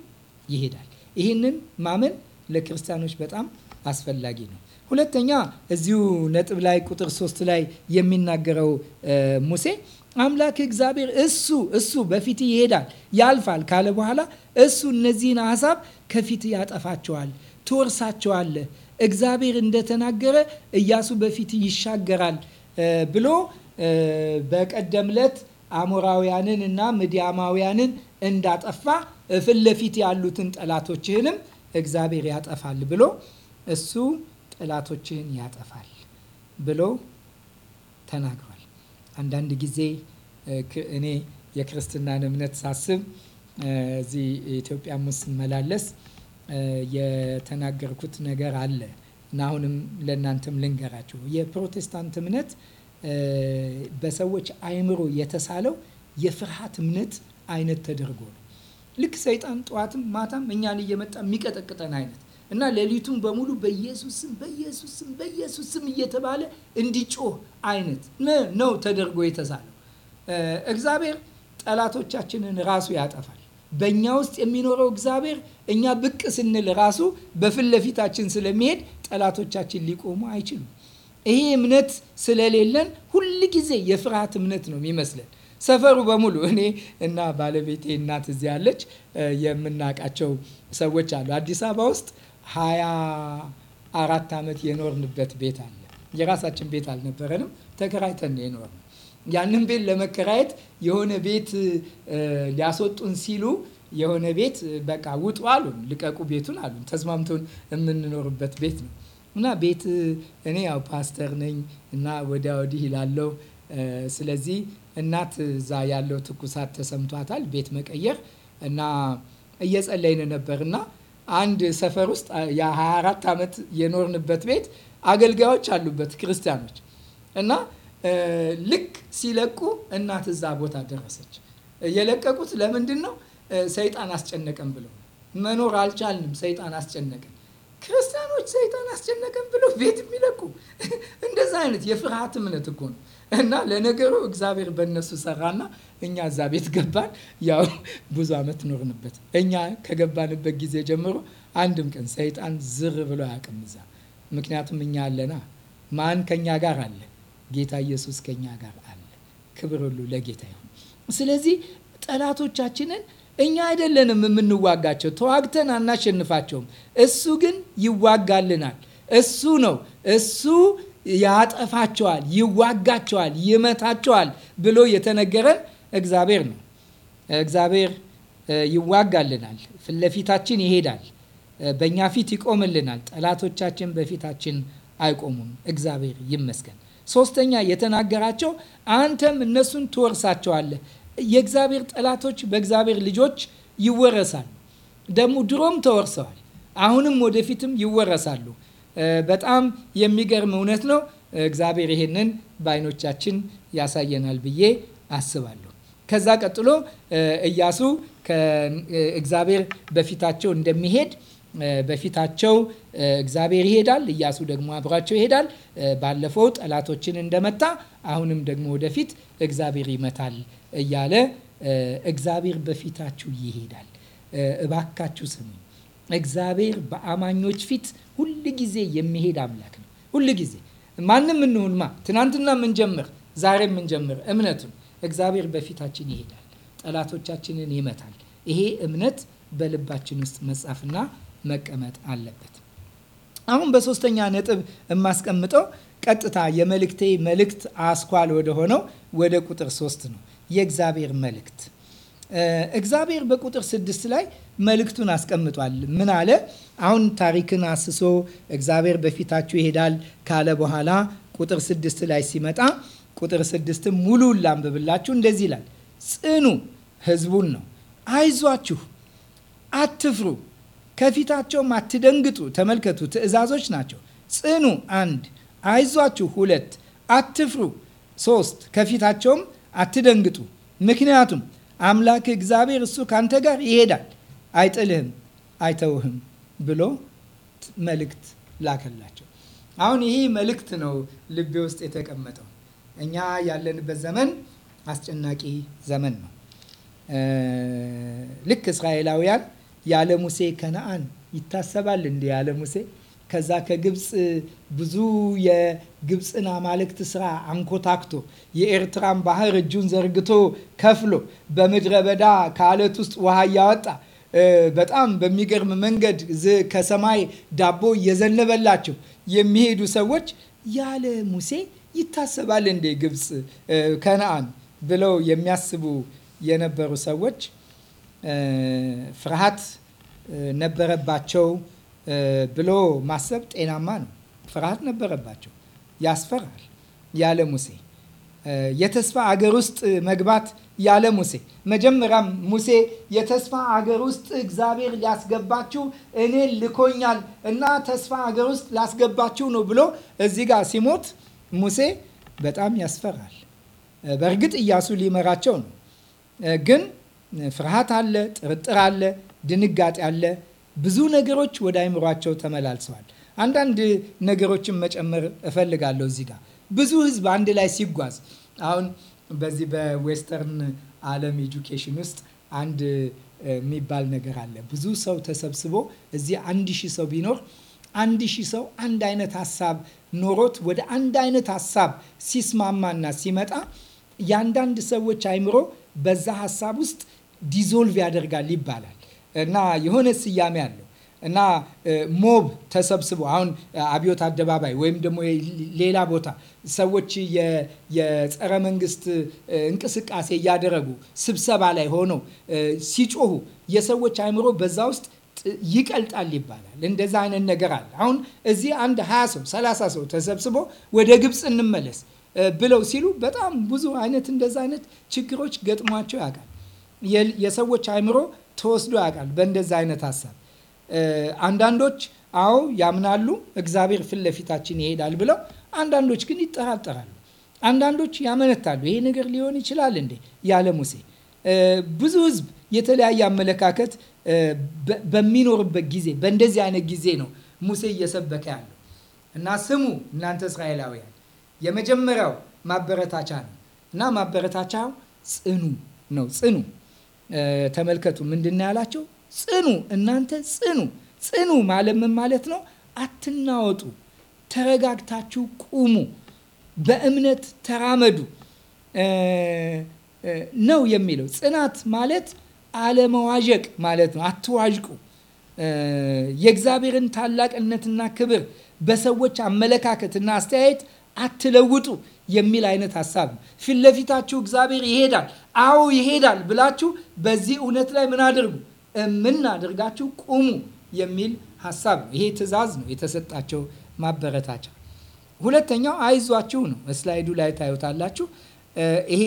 ይሄዳል። ይህንን ማመን ለክርስቲያኖች በጣም አስፈላጊ ነው። ሁለተኛ እዚሁ ነጥብ ላይ ቁጥር ሶስት ላይ የሚናገረው ሙሴ አምላክ እግዚአብሔር እሱ እሱ በፊት ይሄዳል ያልፋል ካለ በኋላ እሱ እነዚህን አሕዛብ ከፊት ያጠፋቸዋል፣ ትወርሳቸዋለህ። እግዚአብሔር እንደተናገረ እያሱ በፊት ይሻገራል ብሎ በቀደምለት አሞራውያንን እና ምድያማውያንን እንዳጠፋ ፊት ለፊት ያሉትን ጠላቶችህንም እግዚአብሔር ያጠፋል ብሎ እሱ ጠላቶችህን ያጠፋል ብሎ ተናግሯል። አንዳንድ ጊዜ እኔ የክርስትናን እምነት ሳስብ እዚህ ኢትዮጵያ ውስጥ ስመላለስ የተናገርኩት ነገር አለ እና አሁንም ለእናንተም ልንገራችሁ። የፕሮቴስታንት እምነት በሰዎች አይምሮ የተሳለው የፍርሃት እምነት አይነት ተደርጎ ነው። ልክ ሰይጣን ጠዋትም ማታም እኛን እየመጣ የሚቀጠቅጠን አይነት እና ሌሊቱን በሙሉ በኢየሱስም ስም በኢየሱስም ስም ስም እየተባለ እንዲጮህ አይነት ነው ተደርጎ የተሳለው። እግዚአብሔር ጠላቶቻችንን ራሱ ያጠፋል። በእኛ ውስጥ የሚኖረው እግዚአብሔር እኛ ብቅ ስንል ራሱ በፊት ለፊታችን ስለሚሄድ ጠላቶቻችን ሊቆሙ አይችሉም። ይሄ እምነት ስለሌለን ሁል ጊዜ የፍርሃት እምነት ነው የሚመስለን። ሰፈሩ በሙሉ እኔ እና ባለቤቴ እናት እዚያ ያለች የምናውቃቸው ሰዎች አሉ አዲስ አበባ ውስጥ ሀያ አራት ዓመት የኖርንበት ቤት አለ። የራሳችን ቤት አልነበረንም፣ ተከራይተን ነው ያንን ቤት ለመከራየት የሆነ ቤት ሊያስወጡን ሲሉ የሆነ ቤት በቃ ውጡ አሉን፣ ልቀቁ ቤቱን አሉን። ተስማምቶን የምንኖርበት ቤት ነው እና ቤት እኔ ያው ፓስተር ነኝ እና ወዲያ ወዲህ ይላለው። ስለዚህ እናት እዛ ያለው ትኩሳት ተሰምቷታል ቤት መቀየር እና እየጸለይን ነበር እና አንድ ሰፈር ውስጥ የ24 ዓመት የኖርንበት ቤት አገልጋዮች አሉበት ክርስቲያኖች እና ልክ ሲለቁ እናት እዛ ቦታ ደረሰች። የለቀቁት ለምንድን ነው? ሰይጣን አስጨነቀን ብለው መኖር አልቻልንም። ሰይጣን አስጨነቀን። ክርስቲያኖች ሰይጣን አስጨነቀን ብለው ቤት የሚለቁ እንደዛ አይነት የፍርሃት እምነት እኮ ነው። እና ለነገሩ እግዚአብሔር በእነሱ ሰራና እኛ እዛ ቤት ገባን። ያው ብዙ ዓመት ኖርንበት። እኛ ከገባንበት ጊዜ ጀምሮ አንድም ቀን ሰይጣን ዝር ብሎ አያውቅም እዛ። ምክንያቱም እኛ አለና። ማን ከኛ ጋር አለ? ጌታ ኢየሱስ ከኛ ጋር አለ። ክብር ሁሉ ለጌታ ይሁን። ስለዚህ ጠላቶቻችንን እኛ አይደለንም የምንዋጋቸው፣ ተዋግተን አናሸንፋቸውም። እሱ ግን ይዋጋልናል። እሱ ነው እሱ ያጠፋቸዋል፣ ይዋጋቸዋል፣ ይመታቸዋል ብሎ የተነገረን እግዚአብሔር ነው። እግዚአብሔር ይዋጋልናል፣ ፊት ይሄዳል፣ በእኛ ፊት ይቆምልናል። ጠላቶቻችን በፊታችን አይቆሙም። እግዚአብሔር ይመስገን። ሶስተኛ የተናገራቸው አንተም እነሱን ትወርሳቸዋለህ። የእግዚአብሔር ጠላቶች በእግዚአብሔር ልጆች ይወረሳል። ደግሞ ድሮም ተወርሰዋል፣ አሁንም ወደፊትም ይወረሳሉ። በጣም የሚገርም እውነት ነው። እግዚአብሔር ይሄንን በአይኖቻችን ያሳየናል ብዬ አስባለሁ። ከዛ ቀጥሎ እያሱ እግዚአብሔር በፊታቸው እንደሚሄድ በፊታቸው እግዚአብሔር ይሄዳል። እያሱ ደግሞ አብሯቸው ይሄዳል። ባለፈው ጠላቶችን እንደመታ አሁንም ደግሞ ወደፊት እግዚአብሔር ይመታል እያለ እግዚአብሔር በፊታችሁ ይሄዳል። እባካችሁ ስሙኝ። እግዚአብሔር በአማኞች ፊት ሁል ጊዜ የሚሄድ አምላክ ነው። ሁል ጊዜ ማንም እንሁንማ፣ ትናንትና የምንጀምር ዛሬ ምንጀምር እምነቱን እግዚአብሔር በፊታችን ይሄዳል፣ ጠላቶቻችንን ይመታል። ይሄ እምነት በልባችን ውስጥ መጻፍና መቀመጥ አለበት። አሁን በሶስተኛ ነጥብ የማስቀምጠው ቀጥታ የመልእክቴ መልእክት አስኳል ወደ ሆነው ወደ ቁጥር ሶስት ነው የእግዚአብሔር መልእክት እግዚአብሔር በቁጥር ስድስት ላይ መልእክቱን አስቀምጧል። ምን አለ? አሁን ታሪክን አስሶ እግዚአብሔር በፊታችሁ ይሄዳል ካለ በኋላ ቁጥር ስድስት ላይ ሲመጣ ቁጥር ስድስት ሙሉ ላንብብላችሁ። እንደዚህ ይላል፣ ጽኑ ህዝቡን ነው፣ አይዟችሁ፣ አትፍሩ፣ ከፊታቸውም አትደንግጡ። ተመልከቱ፣ ትእዛዞች ናቸው። ጽኑ አንድ፣ አይዟችሁ ሁለት፣ አትፍሩ ሶስት፣ ከፊታቸውም አትደንግጡ። ምክንያቱም አምላክ እግዚአብሔር እሱ ካንተ ጋር ይሄዳል፣ አይጥልህም፣ አይተውህም ብሎ መልእክት ላከላቸው። አሁን ይህ መልእክት ነው ልቤ ውስጥ የተቀመጠው። እኛ ያለንበት ዘመን አስጨናቂ ዘመን ነው። ልክ እስራኤላውያን ያለ ሙሴ ከነአን ይታሰባል እንዲህ ያለ ሙሴ ከዛ ከግብፅ ብዙ የግብፅን አማልክት ስራ አንኮታክቶ የኤርትራን ባህር እጁን ዘርግቶ ከፍሎ በምድረ በዳ ከአለት ውስጥ ውሃ እያወጣ በጣም በሚገርም መንገድ ከሰማይ ዳቦ እየዘነበላቸው የሚሄዱ ሰዎች ያለ ሙሴ ይታሰባል እንዴ ግብፅ ከነአን ብለው የሚያስቡ የነበሩ ሰዎች ፍርሃት ነበረባቸው። ብሎ ማሰብ ጤናማ ነው። ፍርሃት ነበረባቸው። ያስፈራል። ያለ ሙሴ የተስፋ አገር ውስጥ መግባት ያለ ሙሴ መጀመሪያም ሙሴ የተስፋ አገር ውስጥ እግዚአብሔር ሊያስገባችሁ እኔ ልኮኛል እና ተስፋ አገር ውስጥ ላስገባችሁ ነው ብሎ እዚህ ጋር ሲሞት ሙሴ በጣም ያስፈራል። በእርግጥ እያሱ ሊመራቸው ነው፣ ግን ፍርሃት አለ፣ ጥርጥር አለ፣ ድንጋጤ አለ። ብዙ ነገሮች ወደ አይምሯቸው ተመላልሰዋል። አንዳንድ ነገሮችን መጨመር እፈልጋለሁ እዚህ ጋር ብዙ ህዝብ አንድ ላይ ሲጓዝ አሁን በዚህ በዌስተርን ዓለም ኤጁኬሽን ውስጥ አንድ የሚባል ነገር አለ። ብዙ ሰው ተሰብስቦ እዚህ አንድ ሺህ ሰው ቢኖር አንድ ሺህ ሰው አንድ አይነት ሀሳብ ኖሮት ወደ አንድ አይነት ሀሳብ ሲስማማና ሲመጣ የአንዳንድ ሰዎች አይምሮ በዛ ሀሳብ ውስጥ ዲዞልቭ ያደርጋል ይባላል። እና የሆነ ስያሜ አለው እና ሞብ ተሰብስቦ አሁን አብዮት አደባባይ ወይም ደግሞ ሌላ ቦታ ሰዎች የጸረ መንግስት እንቅስቃሴ እያደረጉ ስብሰባ ላይ ሆነው ሲጮሁ የሰዎች አእምሮ በዛ ውስጥ ይቀልጣል ይባላል። እንደዛ አይነት ነገር አለ። አሁን እዚህ አንድ 20 ሰው 30 ሰው ተሰብስቦ ወደ ግብፅ እንመለስ ብለው ሲሉ በጣም ብዙ አይነት እንደዛ አይነት ችግሮች ገጥሟቸው ያውቃል። የሰዎች አእምሮ ተወስዶ ያውቃል። በእንደዚ አይነት ሀሳብ አንዳንዶች አዎ ያምናሉ፣ እግዚአብሔር ፊት ለፊታችን ይሄዳል ብለው፣ አንዳንዶች ግን ይጠራጠራሉ። አንዳንዶች ያመነታሉ። ይሄ ነገር ሊሆን ይችላል እንዴ ያለ ሙሴ ብዙ ህዝብ የተለያየ አመለካከት በሚኖርበት ጊዜ በእንደዚህ አይነት ጊዜ ነው ሙሴ እየሰበከ ያለው እና ስሙ እናንተ እስራኤላውያን የመጀመሪያው ማበረታቻ ነው እና ማበረታቻው ጽኑ ነው ጽኑ ተመልከቱ ምንድን ያላቸው ጽኑ፣ እናንተ ጽኑ። ጽኑ ማለት ምን ማለት ነው? አትናወጡ፣ ተረጋግታችሁ ቁሙ፣ በእምነት ተራመዱ ነው የሚለው። ጽናት ማለት አለመዋዠቅ ማለት ነው። አትዋዥቁ። የእግዚአብሔርን ታላቅነትና ክብር በሰዎች አመለካከትና አስተያየት አትለውጡ የሚል አይነት ሀሳብ ነው። ፊት ለፊታችሁ እግዚአብሔር ይሄዳል። አዎ ይሄዳል ብላችሁ በዚህ እውነት ላይ ምን አድርጉ? እምናደርጋችሁ ቁሙ የሚል ሀሳብ ነው። ይሄ ትእዛዝ ነው የተሰጣቸው ማበረታቻ። ሁለተኛው አይዟችሁ ነው። ስላይዱ ላይ ታዩታላችሁ። ይሄ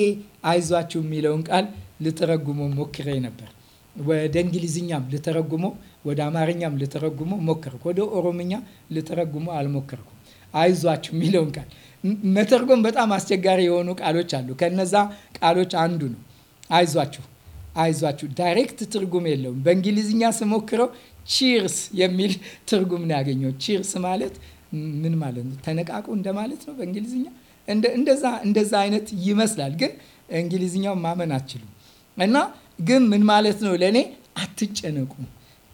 አይዟችሁ የሚለውን ቃል ልተረጉሞ ሞክሬ ነበር። ወደ እንግሊዝኛም ልተረጉሞ፣ ወደ አማርኛም ልተረጉሞ ሞከርኩ። ወደ ኦሮምኛ ልተረጉሞ አልሞከርኩም። አይዟችሁ የሚለውን ቃል መተርጎም በጣም አስቸጋሪ የሆኑ ቃሎች አሉ። ከነዛ ቃሎች አንዱ ነው አይዟችሁ። አይዟችሁ ዳይሬክት ትርጉም የለውም። በእንግሊዝኛ ስሞክረው ቺርስ የሚል ትርጉም ነው ያገኘው። ቺርስ ማለት ምን ማለት ነው? ተነቃቁ እንደማለት ነው በእንግሊዝኛ። እንደዛ እንደዛ አይነት ይመስላል፣ ግን እንግሊዝኛው ማመን አትችሉም። እና ግን ምን ማለት ነው ለእኔ አትጨነቁ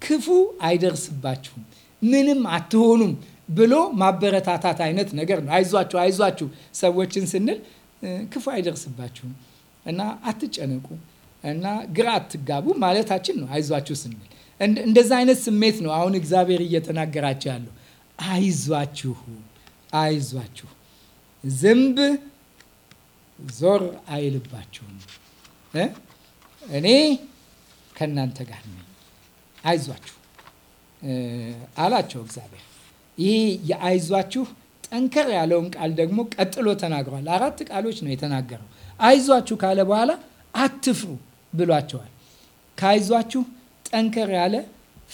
ክፉ አይደርስባችሁም፣ ምንም አትሆኑም ብሎ ማበረታታት አይነት ነገር ነው። አይዟችሁ አይዟችሁ ሰዎችን ስንል ክፉ አይደርስባችሁም እና አትጨነቁ እና ግራ አትጋቡ ማለታችን ነው። አይዟችሁ ስንል እንደዛ አይነት ስሜት ነው አሁን እግዚአብሔር እየተናገራቸው ያለው አይዟችሁ አይዟችሁ ዝንብ ዞር አይልባችሁም እኔ ከእናንተ ጋር ነኝ አይዟችሁ አላቸው እግዚአብሔር። ይህ የአይዟችሁ ጠንከር ያለውን ቃል ደግሞ ቀጥሎ ተናግሯል። አራት ቃሎች ነው የተናገረው። አይዟችሁ ካለ በኋላ አትፍሩ ብሏቸዋል። ከአይዟችሁ ጠንከር ያለ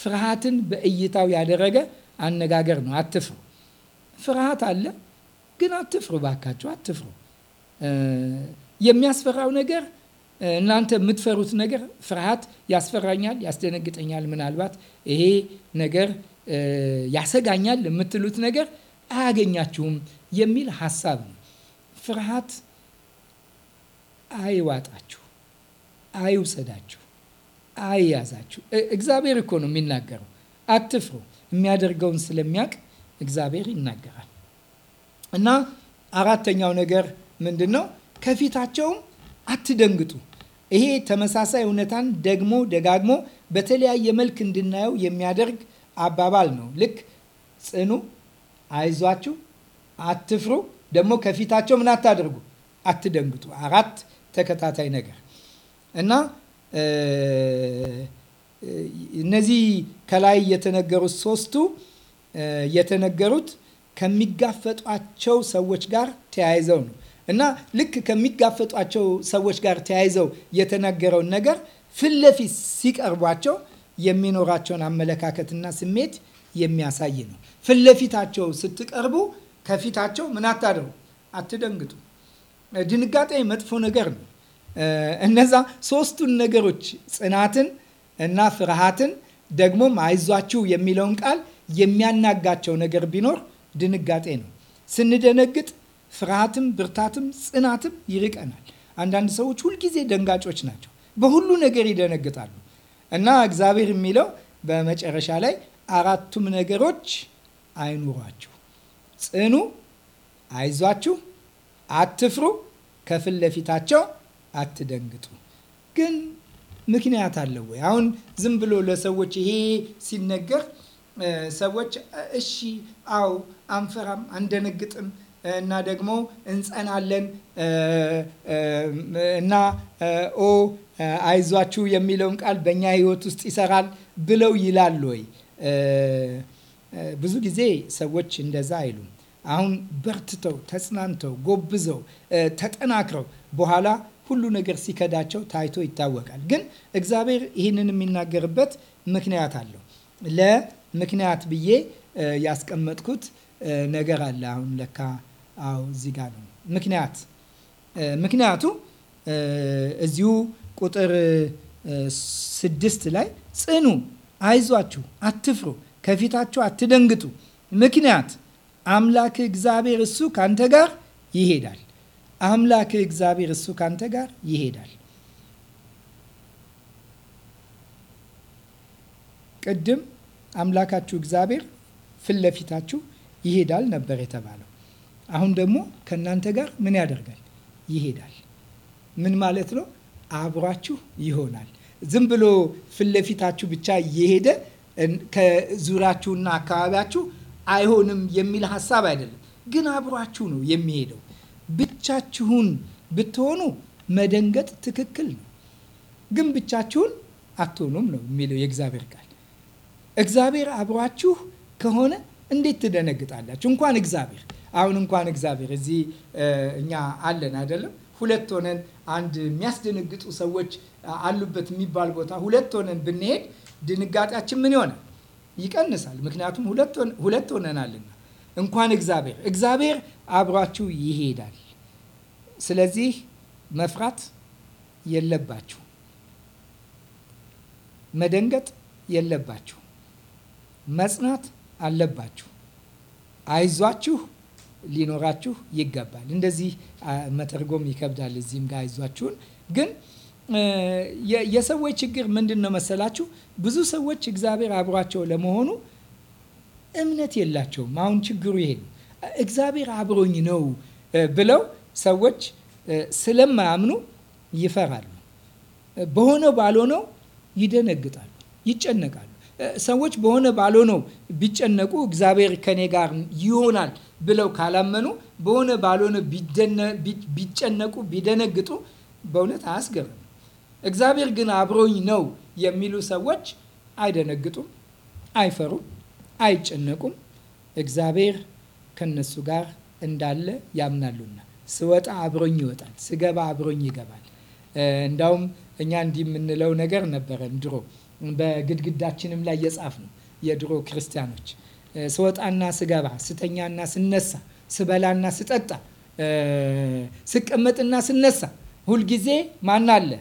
ፍርሃትን በእይታው ያደረገ አነጋገር ነው። አትፍሩ። ፍርሃት አለ፣ ግን አትፍሩ። ባካችሁ አትፍሩ። የሚያስፈራው ነገር እናንተ የምትፈሩት ነገር ፍርሃት ያስፈራኛል፣ ያስደነግጠኛል። ምናልባት ይሄ ነገር ያሰጋኛል የምትሉት ነገር አያገኛችሁም የሚል ሀሳብ ነው። ፍርሃት አይዋጣችሁ፣ አይውሰዳችሁ፣ አይያዛችሁ። እግዚአብሔር እኮ ነው የሚናገረው። አትፍሩ፣ የሚያደርገውን ስለሚያውቅ እግዚአብሔር ይናገራል። እና አራተኛው ነገር ምንድን ነው? ከፊታቸውም አትደንግጡ። ይሄ ተመሳሳይ እውነታን ደግሞ ደጋግሞ በተለያየ መልክ እንድናየው የሚያደርግ አባባል ነው። ልክ ጽኑ፣ አይዟችሁ፣ አትፍሩ፣ ደግሞ ከፊታቸው ምን አታደርጉ፣ አትደንግጡ። አራት ተከታታይ ነገር እና እነዚህ ከላይ የተነገሩት ሶስቱ የተነገሩት ከሚጋፈጧቸው ሰዎች ጋር ተያይዘው ነው እና ልክ ከሚጋፈጧቸው ሰዎች ጋር ተያይዘው የተነገረውን ነገር ፊት ለፊት ሲቀርቧቸው የሚኖራቸውን አመለካከትና ስሜት የሚያሳይ ነው። ፊት ለፊታቸው ስትቀርቡ ከፊታቸው ምን አታድሩ፣ አትደንግጡ። ድንጋጤ መጥፎ ነገር ነው። እነዛ ሶስቱን ነገሮች ጽናትን እና ፍርሃትን ደግሞም አይዟችሁ የሚለውን ቃል የሚያናጋቸው ነገር ቢኖር ድንጋጤ ነው። ስንደነግጥ ፍርሃትም፣ ብርታትም፣ ጽናትም ይርቀናል። አንዳንድ ሰዎች ሁልጊዜ ደንጋጮች ናቸው። በሁሉ ነገር ይደነግጣሉ። እና እግዚአብሔር የሚለው በመጨረሻ ላይ አራቱም ነገሮች አይኑሯችሁ፣ ጽኑ፣ አይዟችሁ፣ አትፍሩ፣ ከፊት ለፊታቸው አትደንግጡ። ግን ምክንያት አለው ወይ? አሁን ዝም ብሎ ለሰዎች ይሄ ሲነገር ሰዎች እሺ፣ አዎ፣ አንፈራም፣ አንደነግጥም እና ደግሞ እንጸናለን እና ኦ አይዟችሁ የሚለውን ቃል በእኛ ህይወት ውስጥ ይሰራል ብለው ይላሉ ወይ? ብዙ ጊዜ ሰዎች እንደዛ አይሉም። አሁን በርትተው ተጽናንተው ጎብዘው ተጠናክረው በኋላ ሁሉ ነገር ሲከዳቸው ታይቶ ይታወቃል። ግን እግዚአብሔር ይህንን የሚናገርበት ምክንያት አለው። ለምክንያት ብዬ ያስቀመጥኩት ነገር አለ። አሁን ለካ አዎ እዚህ ጋር ነው ምክንያት ምክንያቱ እዚሁ ቁጥር ስድስት ላይ ጽኑ፣ አይዟችሁ፣ አትፍሩ፣ ከፊታችሁ አትደንግጡ። ምክንያት አምላክ እግዚአብሔር እሱ ካንተ ጋር ይሄዳል። አምላክ እግዚአብሔር እሱ ካንተ ጋር ይሄዳል። ቅድም አምላካችሁ እግዚአብሔር ፊት ለፊታችሁ ይሄዳል ነበር የተባለው። አሁን ደግሞ ከእናንተ ጋር ምን ያደርጋል? ይሄዳል። ምን ማለት ነው? አብሯችሁ ይሆናል። ዝም ብሎ ፊት ለፊታችሁ ብቻ እየሄደ ከዙሪያችሁና አካባቢያችሁ አይሆንም የሚል ሀሳብ አይደለም፣ ግን አብሯችሁ ነው የሚሄደው። ብቻችሁን ብትሆኑ መደንገጥ ትክክል ነው፣ ግን ብቻችሁን አትሆኑም ነው የሚለው የእግዚአብሔር ቃል። እግዚአብሔር አብሯችሁ ከሆነ እንዴት ትደነግጣላችሁ? እንኳን እግዚአብሔር አሁን እንኳን እግዚአብሔር እዚህ እኛ አለን አይደለም ሁለት ሆነን አንድ የሚያስደነግጡ ሰዎች አሉበት የሚባል ቦታ ሁለት ሆነን ብንሄድ ድንጋጤያችን ምን ይሆናል? ይቀንሳል። ምክንያቱም ሁለት ሆነናልና እንኳን እግዚአብሔር እግዚአብሔር አብሯችሁ ይሄዳል። ስለዚህ መፍራት የለባችሁ፣ መደንገጥ የለባችሁ፣ መጽናት አለባችሁ። አይዟችሁ ሊኖራችሁ ይገባል። እንደዚህ መተርጎም ይከብዳል። እዚህም ጋር አይዟችሁን ግን የሰዎች ችግር ምንድን ነው መሰላችሁ? ብዙ ሰዎች እግዚአብሔር አብሯቸው ለመሆኑ እምነት የላቸውም። አሁን ችግሩ ይሄ ነው። እግዚአብሔር አብሮኝ ነው ብለው ሰዎች ስለማያምኑ ይፈራሉ። በሆነው ባልሆነው ይደነግጣሉ፣ ይጨነቃሉ። ሰዎች በሆነ ባልሆነው ቢጨነቁ እግዚአብሔር ከኔ ጋር ይሆናል ብለው ካላመኑ በሆነ ባልሆነ ቢጨነቁ ቢደነግጡ በእውነት አያስገርም። እግዚአብሔር ግን አብሮኝ ነው የሚሉ ሰዎች አይደነግጡም፣ አይፈሩም፣ አይጨነቁም። እግዚአብሔር ከነሱ ጋር እንዳለ ያምናሉና ስወጣ አብሮኝ ይወጣል፣ ስገባ አብሮኝ ይገባል። እንዳውም እኛ እንዲህ የምንለው ነገር ነበረን ድሮ በግድግዳችንም ላይ የጻፍ ነው። የድሮ ክርስቲያኖች ስወጣና ስገባ፣ ስተኛና ስነሳ፣ ስበላና ስጠጣ፣ ስቀመጥና ስነሳ ሁልጊዜ ማን አለ?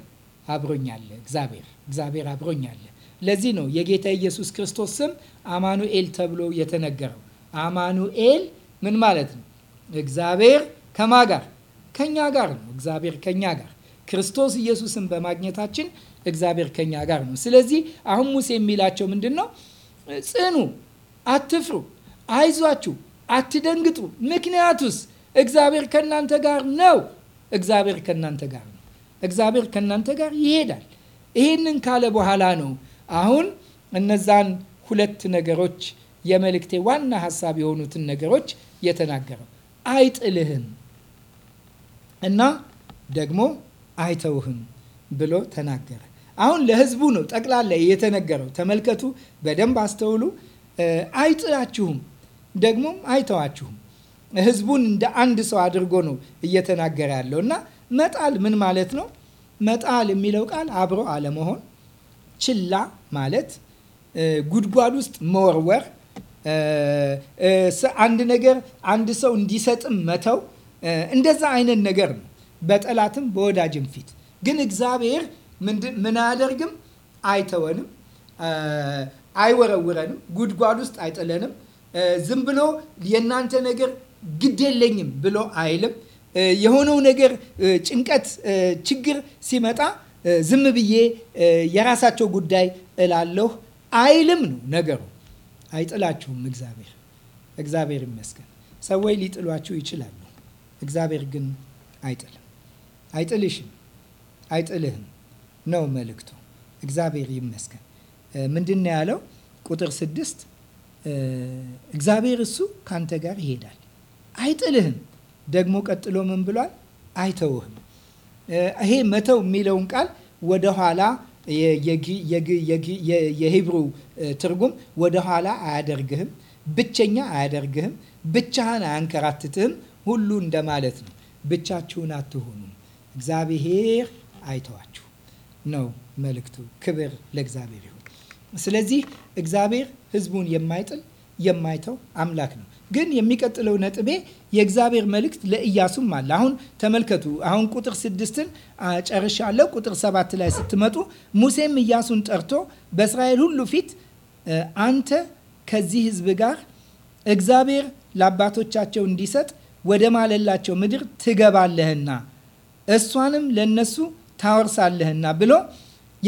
አብሮኛለ። እግዚአብሔር እግዚአብሔር አብሮኛለ። ለዚህ ነው የጌታ ኢየሱስ ክርስቶስ ስም አማኑኤል ተብሎ የተነገረው። አማኑኤል ምን ማለት ነው? እግዚአብሔር ከማ ጋር ከእኛ ጋር ነው። እግዚአብሔር ከኛ ጋር ክርስቶስ ኢየሱስን በማግኘታችን እግዚአብሔር ከኛ ጋር ነው። ስለዚህ አሁን ሙሴ የሚላቸው ምንድን ነው? ጽኑ፣ አትፍሩ፣ አይዟችሁ፣ አትደንግጡ። ምክንያቱስ እግዚአብሔር ከእናንተ ጋር ነው። እግዚአብሔር ከእናንተ ጋር ነው። እግዚአብሔር ከእናንተ ጋር ይሄዳል። ይሄንን ካለ በኋላ ነው አሁን እነዛን ሁለት ነገሮች የመልእክቴ ዋና ሀሳብ የሆኑትን ነገሮች የተናገረው አይጥልህም እና ደግሞ አይተውህም ብሎ ተናገረ። አሁን ለህዝቡ ነው ጠቅላላ የተነገረው። ተመልከቱ፣ በደንብ አስተውሉ። አይጥላችሁም፣ ደግሞም አይተዋችሁም። ህዝቡን እንደ አንድ ሰው አድርጎ ነው እየተናገረ ያለው እና መጣል ምን ማለት ነው? መጣል የሚለው ቃል አብሮ አለመሆን፣ ችላ ማለት፣ ጉድጓድ ውስጥ መወርወር፣ አንድ ነገር አንድ ሰው እንዲሰጥም መተው፣ እንደዛ አይነት ነገር ነው በጠላትም በወዳጅም ፊት ግን እግዚአብሔር ምን አያደርግም? አይተወንም፣ አይወረውረንም፣ ጉድጓድ ውስጥ አይጥለንም። ዝም ብሎ የእናንተ ነገር ግድ የለኝም ብሎ አይልም። የሆነው ነገር ጭንቀት፣ ችግር ሲመጣ ዝም ብዬ የራሳቸው ጉዳይ እላለሁ አይልም ነው ነገሩ። አይጥላችሁም። እግዚአብሔር እግዚአብሔር ይመስገን። ሰዎች ሊጥሏችሁ ይችላሉ። እግዚአብሔር ግን አይጥልም፣ አይጥልሽም፣ አይጥልህም። ነው መልእክቱ። እግዚአብሔር ይመስገን። ምንድን ነው ያለው? ቁጥር ስድስት እግዚአብሔር እሱ ካንተ ጋር ይሄዳል፣ አይጥልህም። ደግሞ ቀጥሎ ምን ብሏል? አይተውህም። ይሄ መተው የሚለውን ቃል ወደኋላ የሂብሩ ትርጉም ወደኋላ አያደርግህም፣ ብቸኛ አያደርግህም፣ ብቻህን አያንከራትትህም ሁሉ እንደማለት ነው። ብቻችሁን አትሆኑም። እግዚአብሔር አይተዋችሁ ነው መልእክቱ። ክብር ለእግዚአብሔር ይሁን። ስለዚህ እግዚአብሔር ህዝቡን የማይጥል የማይተው አምላክ ነው። ግን የሚቀጥለው ነጥቤ የእግዚአብሔር መልእክት ለኢያሱም አለ። አሁን ተመልከቱ። አሁን ቁጥር ስድስትን ጨርሻለሁ። ቁጥር ሰባት ላይ ስትመጡ ሙሴም ኢያሱን ጠርቶ በእስራኤል ሁሉ ፊት አንተ ከዚህ ህዝብ ጋር እግዚአብሔር ለአባቶቻቸው እንዲሰጥ ወደ ማለላቸው ምድር ትገባለህና እሷንም ለነሱ ታወርሳለህና ብሎ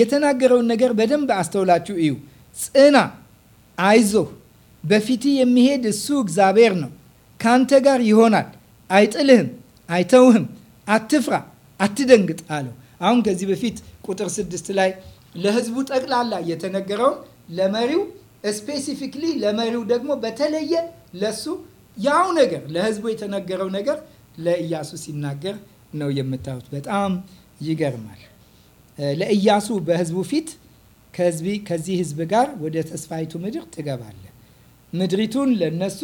የተናገረውን ነገር በደንብ አስተውላችሁ እዩ። ጽና፣ አይዞህ፣ በፊት የሚሄድ እሱ እግዚአብሔር ነው፣ ከአንተ ጋር ይሆናል፣ አይጥልህም፣ አይተውህም፣ አትፍራ፣ አትደንግጥ አለው። አሁን ከዚህ በፊት ቁጥር ስድስት ላይ ለህዝቡ ጠቅላላ የተነገረውን ለመሪው ስፔሲፊክሊ ለመሪው ደግሞ በተለየ ለሱ ያው ነገር ለህዝቡ የተነገረው ነገር ለኢያሱ ሲናገር ነው የምታዩት። በጣም ይገርማል። ለኢያሱ በህዝቡ ፊት ከዚህ ህዝብ ጋር ወደ ተስፋይቱ ምድር ትገባለህ፣ ምድሪቱን ለነሱ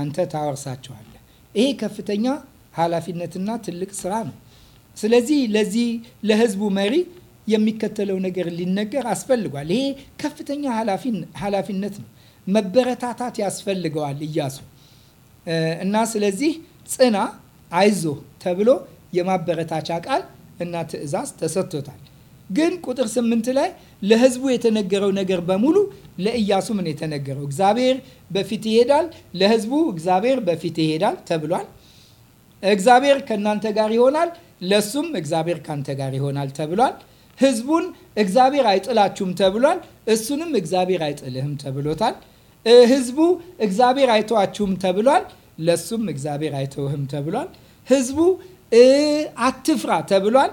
አንተ ታወርሳቸዋለህ። ይሄ ከፍተኛ ኃላፊነትና ትልቅ ስራ ነው። ስለዚህ ለዚህ ለህዝቡ መሪ የሚከተለው ነገር ሊነገር አስፈልጓል። ይሄ ከፍተኛ ኃላፊነት ነው። መበረታታት ያስፈልገዋል እያሱ እና ስለዚህ ጽና፣ አይዞ ተብሎ የማበረታቻ ቃል እና ትእዛዝ ተሰጥቶታል። ግን ቁጥር ስምንት ላይ ለህዝቡ የተነገረው ነገር በሙሉ ለኢያሱ ምን የተነገረው እግዚአብሔር በፊት ይሄዳል፣ ለህዝቡ እግዚአብሔር በፊት ይሄዳል ተብሏል። እግዚአብሔር ከእናንተ ጋር ይሆናል፣ ለሱም እግዚአብሔር ካንተ ጋር ይሆናል ተብሏል። ህዝቡን እግዚአብሔር አይጥላችሁም ተብሏል፣ እሱንም እግዚአብሔር አይጥልህም ተብሎታል። ህዝቡ እግዚአብሔር አይተዋችሁም ተብሏል፣ ለሱም እግዚአብሔር አይተውህም ተብሏል። ህዝቡ አትፍራ ተብሏል፣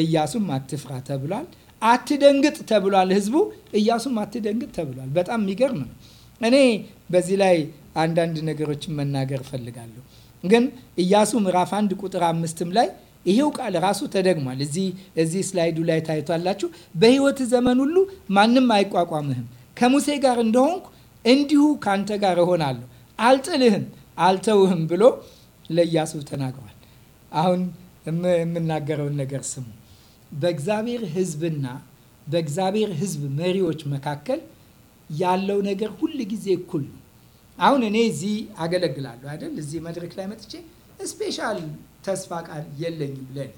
እያሱም አትፍራ ተብሏል። አትደንግጥ ተብሏል፣ ህዝቡ እያሱም አትደንግጥ ተብሏል። በጣም የሚገርም ነው። እኔ በዚህ ላይ አንዳንድ ነገሮችን መናገር እፈልጋለሁ። ግን እያሱ ምዕራፍ አንድ ቁጥር አምስትም ላይ ይሄው ቃል ራሱ ተደግሟል። እዚህ ስላይዱ ላይ ታይቷላችሁ። በህይወት ዘመን ሁሉ ማንም አይቋቋምህም፣ ከሙሴ ጋር እንደሆንኩ እንዲሁ ከአንተ ጋር እሆናለሁ፣ አልጥልህም፣ አልተውህም ብሎ ለእያሱ ተናግሯል። አሁን የምናገረውን ነገር ስሙ። በእግዚአብሔር ሕዝብና በእግዚአብሔር ሕዝብ መሪዎች መካከል ያለው ነገር ሁል ጊዜ እኩል ነው። አሁን እኔ እዚህ አገለግላለሁ አይደል? እዚህ መድረክ ላይ መጥቼ ስፔሻል ተስፋ ቃል የለኝም ለኔ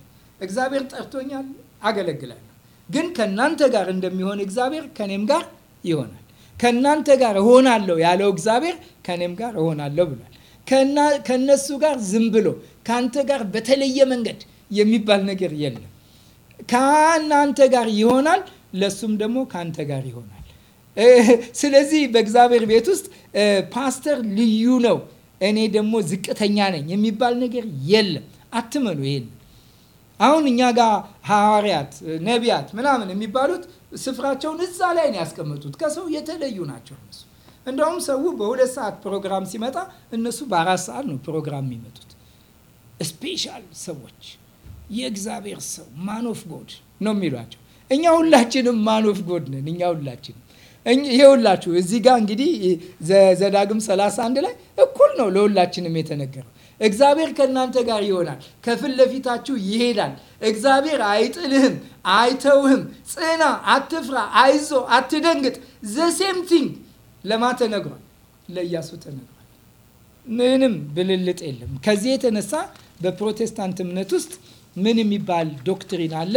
እግዚአብሔር ጠርቶኛል፣ አገለግላለሁ። ግን ከእናንተ ጋር እንደሚሆን እግዚአብሔር ከኔም ጋር ይሆናል። ከእናንተ ጋር እሆናለሁ ያለው እግዚአብሔር ከኔም ጋር እሆናለሁ ብሏል። ከእነሱ ጋር ዝም ብሎ ከአንተ ጋር በተለየ መንገድ የሚባል ነገር የለም። ከእናንተ ጋር ይሆናል፣ ለሱም ደግሞ ከአንተ ጋር ይሆናል። ስለዚህ በእግዚአብሔር ቤት ውስጥ ፓስተር ልዩ ነው፣ እኔ ደግሞ ዝቅተኛ ነኝ የሚባል ነገር የለም። አትመኑ ይሄን። አሁን እኛ ጋር ሐዋርያት፣ ነቢያት ምናምን የሚባሉት ስፍራቸውን እዛ ላይ ነው ያስቀመጡት። ከሰው የተለዩ ናቸው እነሱ። እንደውም ሰው በሁለት ሰዓት ፕሮግራም ሲመጣ እነሱ በአራት ሰዓት ነው ፕሮግራም የሚመጡት። ስፔሻል ሰዎች የእግዚአብሔር ሰው ማን ኦፍ ጎድ ነው የሚሏቸው። እኛ ሁላችንም ማን ኦፍ ጎድ ነን። እኛ ሁላችንም ይሄ ሁላችሁ እዚህ ጋር እንግዲህ ዘዳግም 31 ላይ እኩል ነው ለሁላችንም የተነገረው። እግዚአብሔር ከእናንተ ጋር ይሆናል፣ ከፊት ለፊታችሁ ይሄዳል። እግዚአብሔር አይጥልህም፣ አይተውህም። ጽና፣ አትፍራ፣ አይዞ፣ አትደንግጥ። ዘሴም ቲንግ ለማ ተነግሯል፣ ለኢያሱ ተነግሯል። ምንም ብልልጥ የለም። ከዚህ የተነሳ በፕሮቴስታንት እምነት ውስጥ ምን የሚባል ዶክትሪን አለ?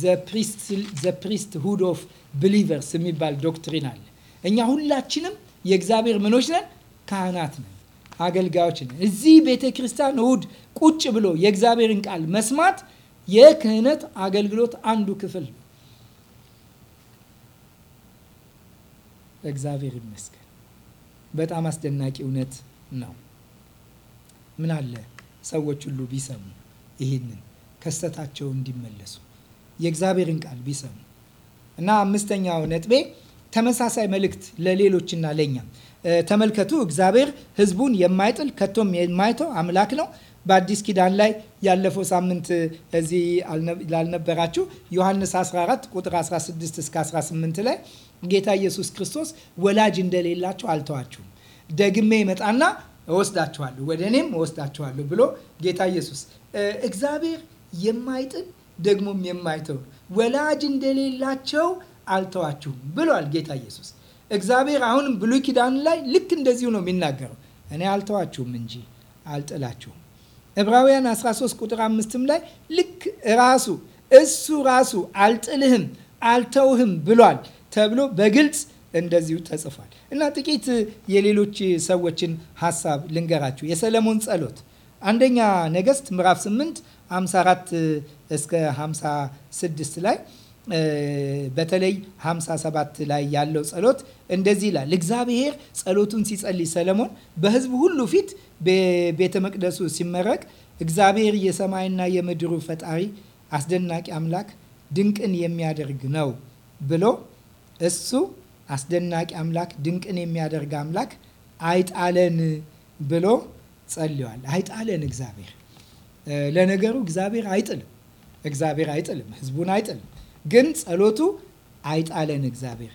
ዘ ፕሪስት ሁድ ኦፍ ብሊቨርስ የሚባል ዶክትሪን አለ። እኛ ሁላችንም የእግዚአብሔር ምኖች ነን፣ ካህናት ነን፣ አገልጋዮች ነን። እዚህ ቤተ ክርስቲያን እሁድ ቁጭ ብሎ የእግዚአብሔርን ቃል መስማት የክህነት አገልግሎት አንዱ ክፍል ነው። እግዚአብሔር ይመስገን። በጣም አስደናቂ እውነት ነው። ምን አለ ሰዎች ሁሉ ቢሰሙ ይህንን ከስተታቸው እንዲመለሱ የእግዚአብሔርን ቃል ቢሰሙ እና አምስተኛው ነጥቤ ተመሳሳይ መልእክት ለሌሎችና ለእኛ ተመልከቱ። እግዚአብሔር ሕዝቡን የማይጥል ከቶም የማይተው አምላክ ነው። በአዲስ ኪዳን ላይ ያለፈው ሳምንት እዚህ ላልነበራችሁ ዮሐንስ 14 ቁጥር 16 እስከ 18 ላይ ጌታ ኢየሱስ ክርስቶስ ወላጅ እንደሌላችሁ አልተዋችሁም፣ ደግሜ ይመጣና እወስዳችኋለሁ፣ ወደ እኔም እወስዳችኋለሁ ብሎ ጌታ ኢየሱስ እግዚአብሔር የማይጥል ደግሞም የማይተው ወላጅ እንደሌላቸው አልተዋችሁም ብሏል ጌታ ኢየሱስ። እግዚአብሔር አሁንም ብሉይ ኪዳን ላይ ልክ እንደዚሁ ነው የሚናገረው። እኔ አልተዋችሁም እንጂ አልጥላችሁም። ዕብራውያን 13 ቁጥር አምስትም ላይ ልክ ራሱ እሱ ራሱ አልጥልህም አልተውህም ብሏል ተብሎ በግልጽ እንደዚሁ ተጽፏል። እና ጥቂት የሌሎች ሰዎችን ሀሳብ ልንገራችሁ። የሰለሞን ጸሎት አንደኛ ነገስት ምዕራፍ 8 54 እስከ 56 ላይ በተለይ 57 ላይ ያለው ጸሎት እንደዚህ ይላል። እግዚአብሔር ጸሎቱን ሲጸልይ ሰለሞን በሕዝብ ሁሉ ፊት ቤተ መቅደሱ ሲመረቅ እግዚአብሔር የሰማይና የምድሩ ፈጣሪ አስደናቂ አምላክ ድንቅን የሚያደርግ ነው ብሎ እሱ አስደናቂ አምላክ፣ ድንቅን የሚያደርግ አምላክ አይጣለን ብሎ ጸልዋል። አይጣለን እግዚአብሔር። ለነገሩ እግዚአብሔር አይጥልም፣ እግዚአብሔር አይጥልም፣ ህዝቡን አይጥልም። ግን ጸሎቱ አይጣለን እግዚአብሔር።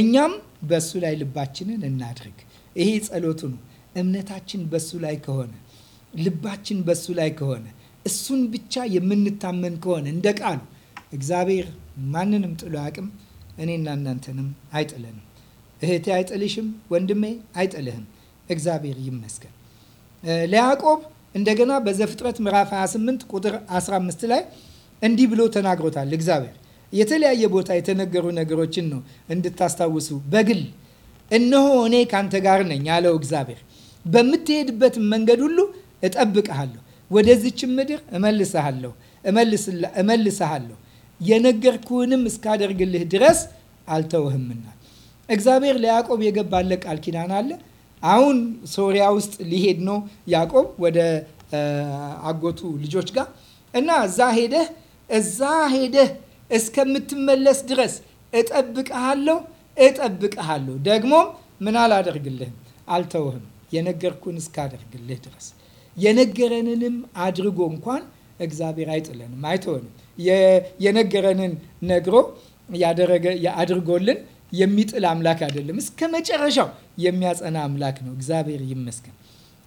እኛም በሱ ላይ ልባችንን እናድርግ። ይሄ ጸሎቱ ነው። እምነታችን በሱ ላይ ከሆነ፣ ልባችን በሱ ላይ ከሆነ፣ እሱን ብቻ የምንታመን ከሆነ እንደ ቃሉ እግዚአብሔር ማንንም ጥሎ አያውቅም። እኔና እናንተንም አይጥለንም። እህቴ አይጥልሽም፣ ወንድሜ አይጥልህም። እግዚአብሔር ይመስገን። ለያዕቆብ እንደገና በዘፍጥረት ምዕራፍ 28 ቁጥር 15 ላይ እንዲህ ብሎ ተናግሮታል እግዚአብሔር። የተለያየ ቦታ የተነገሩ ነገሮችን ነው እንድታስታውሱ። በግል እነሆ እኔ ካንተ ጋር ነኝ ያለው እግዚአብሔር በምትሄድበት መንገድ ሁሉ እጠብቅሃለሁ፣ ወደዚችም ምድር እመልስሃለሁ እመልስሃለሁ የነገርኩህንም እስካደርግልህ ድረስ አልተውህምና። እግዚአብሔር ለያዕቆብ የገባለ ቃል ኪዳን አለ። አሁን ሶሪያ ውስጥ ሊሄድ ነው ያዕቆብ ወደ አጎቱ ልጆች ጋር እና እዛ ሄደህ እዛ ሄደህ እስከምትመለስ ድረስ እጠብቅሃለሁ እጠብቅሃለሁ ደግሞም ምን አላደርግልህም አልተውህም የነገርኩን እስካደርግልህ ድረስ የነገረንንም አድርጎ እንኳን እግዚአብሔር አይጥለንም አይተወንም የነገረንን ነግሮ ያደረገ አድርጎልን የሚጥል አምላክ አይደለም። እስከ መጨረሻው የሚያጸና አምላክ ነው። እግዚአብሔር ይመስገን።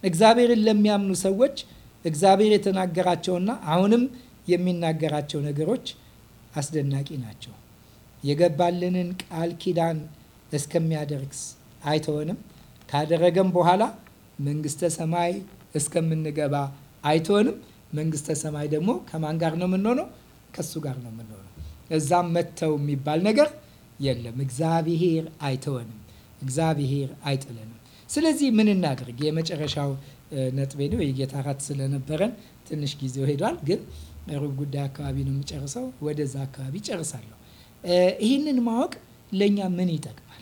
እግዚአብሔርን ለሚያምኑ ሰዎች እግዚአብሔር የተናገራቸውና አሁንም የሚናገራቸው ነገሮች አስደናቂ ናቸው። የገባልንን ቃል ኪዳን እስከሚያደርግስ አይተወንም። ካደረገም በኋላ መንግስተ ሰማይ እስከምንገባ አይተወንም። መንግስተ ሰማይ ደግሞ ከማን ጋር ነው የምንሆነው? ከሱ ጋር ነው የምንሆነው። እዛም መተው የሚባል ነገር የለም። እግዚአብሔር አይተወንም። እግዚአብሔር አይጥለንም። ስለዚህ ምን እናድርግ? የመጨረሻው ነጥቤ ነው። የጌታ ራት ስለነበረን ትንሽ ጊዜው ሄዷል፣ ግን ሩብ ጉዳይ አካባቢ ነው የምጨርሰው። ወደዛ አካባቢ ጨርሳለሁ። ይህንን ማወቅ ለእኛ ምን ይጠቅማል?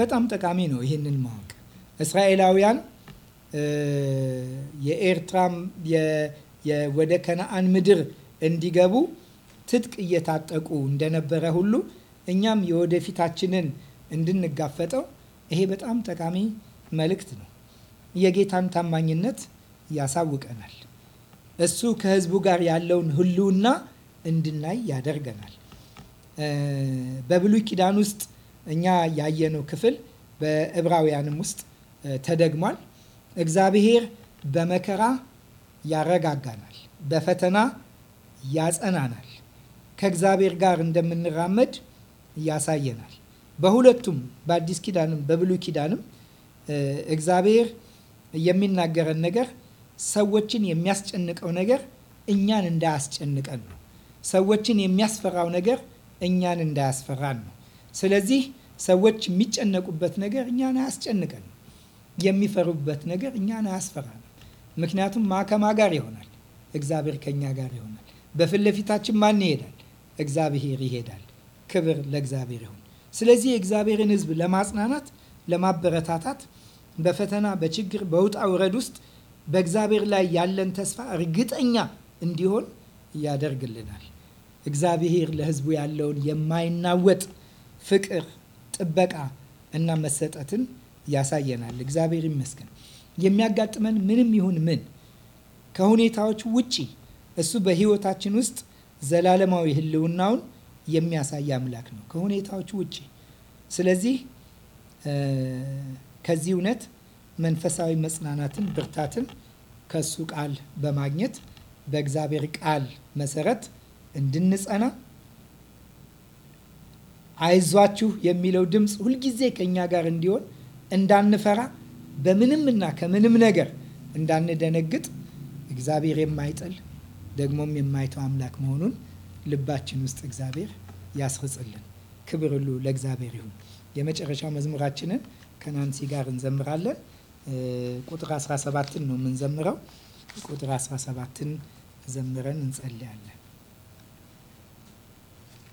በጣም ጠቃሚ ነው። ይህንን ማወቅ እስራኤላውያን የኤርትራም ወደ ከነአን ምድር እንዲገቡ ትጥቅ እየታጠቁ እንደነበረ ሁሉ እኛም የወደፊታችንን እንድንጋፈጠው ይሄ በጣም ጠቃሚ መልእክት ነው። የጌታን ታማኝነት ያሳውቀናል። እሱ ከህዝቡ ጋር ያለውን ህልውና እንድናይ ያደርገናል። በብሉይ ኪዳን ውስጥ እኛ ያየነው ክፍል በዕብራውያንም ውስጥ ተደግሟል። እግዚአብሔር በመከራ ያረጋጋናል፣ በፈተና ያጸናናል፣ ከእግዚአብሔር ጋር እንደምንራመድ ያሳየናል። በሁለቱም በአዲስ ኪዳንም በብሉይ ኪዳንም እግዚአብሔር የሚናገረን ነገር ሰዎችን የሚያስጨንቀው ነገር እኛን እንዳያስጨንቀን ነው። ሰዎችን የሚያስፈራው ነገር እኛን እንዳያስፈራን ነው። ስለዚህ ሰዎች የሚጨነቁበት ነገር እኛን አያስጨንቀን፣ የሚፈሩበት ነገር እኛን አያስፈራን። ምክንያቱም ማከማ ጋር ይሆናል? እግዚአብሔር ከኛ ጋር ይሆናል። በፊት ለፊታችን ማን ይሄዳል? እግዚአብሔር ይሄዳል። ክብር ለእግዚአብሔር ይሁን። ስለዚህ የእግዚአብሔርን ሕዝብ ለማጽናናት ለማበረታታት፣ በፈተና በችግር በውጣ ውረድ ውስጥ በእግዚአብሔር ላይ ያለን ተስፋ እርግጠኛ እንዲሆን ያደርግልናል። እግዚአብሔር ለሕዝቡ ያለውን የማይናወጥ ፍቅር፣ ጥበቃ እና መሰጠትን ያሳየናል። እግዚአብሔር ይመስገን። የሚያጋጥመን ምንም ይሁን ምን ከሁኔታዎች ውጪ እሱ በህይወታችን ውስጥ ዘላለማዊ ህልውናውን የሚያሳይ አምላክ ነው፣ ከሁኔታዎች ውጪ። ስለዚህ ከዚህ እውነት መንፈሳዊ መጽናናትን፣ ብርታትን ከሱ ቃል በማግኘት በእግዚአብሔር ቃል መሰረት እንድንጸና አይዟችሁ የሚለው ድምፅ ሁልጊዜ ከእኛ ጋር እንዲሆን እንዳንፈራ በምንም እና ከምንም ነገር እንዳንደነግጥ እግዚአብሔር የማይጥል ደግሞም የማይተው አምላክ መሆኑን ልባችን ውስጥ እግዚአብሔር ያስርጽልን። ክብር ሁሉ ለእግዚአብሔር ይሁን። የመጨረሻው መዝሙራችንን ከናንሲ ጋር እንዘምራለን። ቁጥር 17ን ነው የምንዘምረው። ቁጥር 17ን ዘምረን እንጸልያለን።